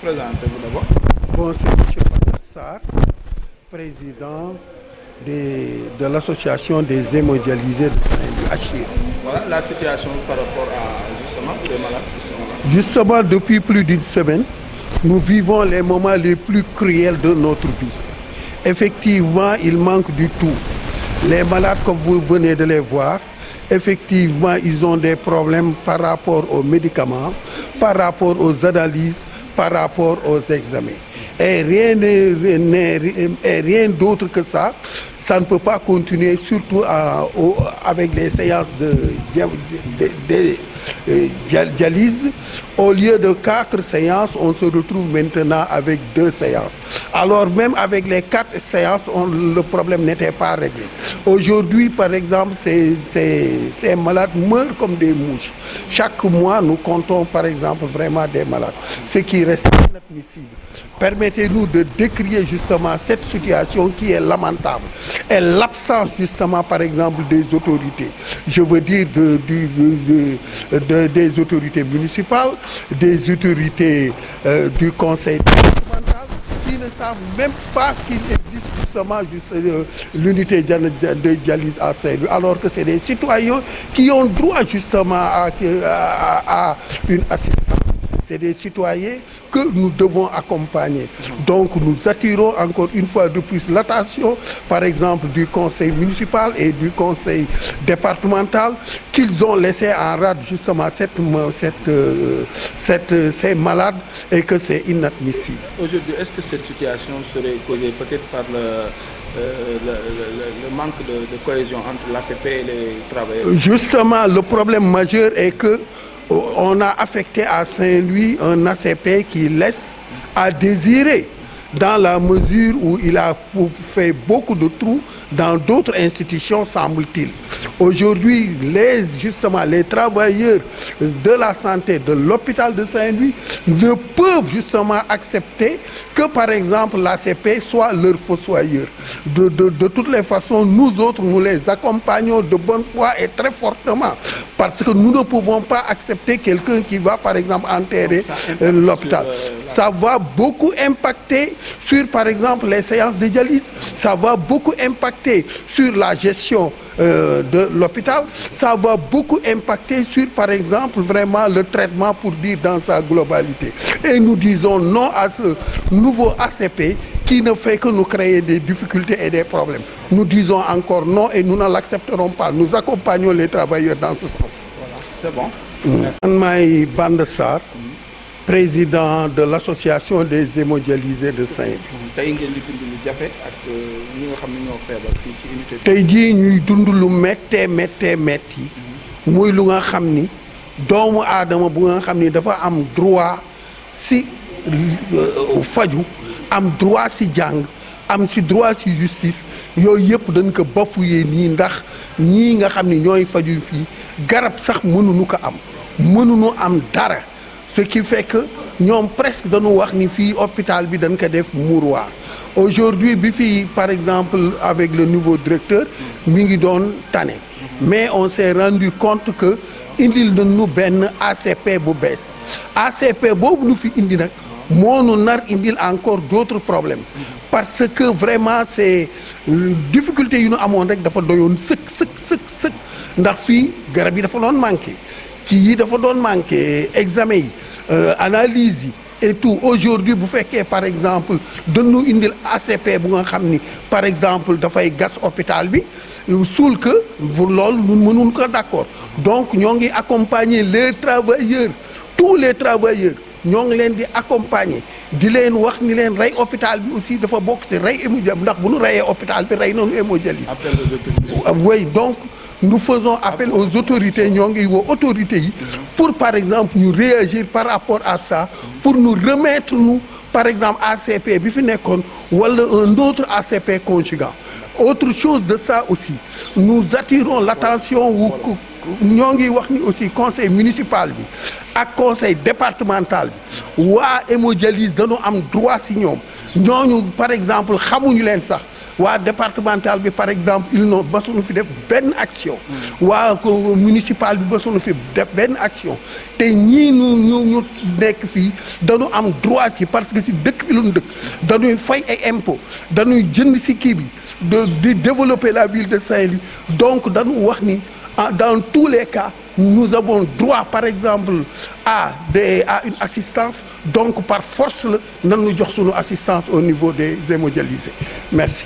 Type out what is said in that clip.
présentez vous monsieur président de l'association des hémodialysés de saint voilà la situation par rapport à justement ces malades justement depuis plus d'une semaine nous vivons les moments les plus cruels de notre vie effectivement il manque du tout les malades comme vous venez de les voir effectivement ils ont des problèmes par rapport aux médicaments par rapport aux analyses par rapport aux examens. Et rien, rien d'autre que ça, ça ne peut pas continuer, surtout avec des séances de, euh, dialyse. Au lieu de quatre séances, on se retrouve maintenant avec deux séances. Alors même avec les quatre séances, le problème n'était pas réglé. Aujourd'hui, par exemple, ces, ces, malades meurent comme des mouches. Chaque mois, nous comptons, par exemple, vraiment des malades, ce qui reste inadmissible. Permettez-nous de décrier justement cette situation qui est lamentable et l'absence justement, par exemple, des autorités. Je veux dire des autorités municipales, des autorités euh, du conseil ne savent même pas qu'il existe justement euh, l'unité de dialyse à saint alors que c'est des citoyens qui ont droit justement à une assistance des citoyens que nous devons accompagner. Donc nous attirons encore une fois de plus l'attention, par exemple, du conseil municipal et du conseil départemental, qu'ils ont laissé en rade justement cette, cette, euh, cette, euh, ces malades et que c'est inadmissible. Aujourd'hui, est-ce que cette situation serait causée peut-être par le, euh, manque de, de cohésion entre l'ACP et les travailleurs Justement, le problème majeur est que on a affecté à Saint-Louis un ACP qui laisse à désirer dans la mesure où il a fait beaucoup de trous dans d'autres institutions, semble-t-il. Aujourd'hui, les, justement, les travailleurs de la santé de l'hôpital de Saint-Louis ne peuvent justement accepter que, par exemple, l'ACP soit leur fossoyeur. De, de toutes les façons, nous autres, nous les accompagnons de bonne foi et très fortement parce que nous ne pouvons pas accepter quelqu'un qui va, par exemple, enterrer euh, l'hôpital. Euh, ça va beaucoup impacter sur, par exemple, les séances de dialyse. Ça va beaucoup impacter sur la gestion euh, de l'hôpital. Ça va beaucoup impacter sur, par exemple, vraiment le traitement pour dire dans sa globalité. Et nous disons non à ce nouveau ACP qui ne fait que nous créer des difficultés et des problèmes. Nous disons encore non et nous ne l'accepterons pas. Nous accompagnons les travailleurs dans ce sens. Voilà, c'est bon. Mm. Anmaï Bandessar, président de l'association des hémodialysés de Saint-Louis. Mm. tey ngeen di dund lu jafe ak euh, ñi nga xam ne ñoo feebar fii ci unité bi. tey jii ñuy dund lu méttee méttee métti muy lu nga xam ni doomu aadama bu nga xam ni dafa am droit si euh, faju am droit ci jang am ci droit ci justice yooyu yëpp dañ ko bafoué nii ndax ni nga xamni ni faju fi fii garab sax ñu ko am ñu am dara ce qui fait que ñom presque dañu wax ni fi hôpital bi dañ ko def mouroir aujourd'hui bi fi par exemple avec le nouveau directeur mi ngi doon tane mais on s'est rendu compte que indil nañu benn ACP bu bees ACP bobu ñu fi indi nak Mononar avons encore d'autres problèmes parce que vraiment c'est euh, difficulté que nous avons rek dafa doyoon sëkk sëkk sëkk sëkk ndax garab yi dafa manqué qui yi manqué examen euh, analyse et tout aujourd'hui bu que, par exemple donne-nous un ACP bu nga par exemple dafay gas hôpital bi euh, suul que pour d'accord donc nous avons accompagner les travailleurs tous les travailleurs nous ngi leen di accompagner di leen wax ni leen ray hôpital bi aussi dafa bok ci ray hémodialyse ndax bu ñu hôpital bi ray non hémodialyse ah, oui donc nous faisons appel aux autorités ñoo ngi autorités yi pour par exemple nous réagir par rapport à ça pour nous remettre nous par exemple ACP bi fi ou wala un autre ACP conjugat autre chose de ça aussi nous attirons l'attention wu ñoo ngi aussi conseil municipal à conseil départemental ou à hémodialyse dañu am droit si non par exemple xamuñu leen sax à départemental bi par exemple ils non besoin de fi def action wa municipal bi municipal fi def ben action té ñi ñu ñu nek fi fii dañu am droit ci parce que c'est dëkk bi lu ñu dëkk dañuy fay ay impôt dañuy jënd ci ki bi de développer la ville de Saint-Louis donc dañu wax ni ah, dans tous les cas, nous avons droit, par exemple, à, une assistance. Donc, par force, nous avons assistance au niveau des hémodialisés. Merci.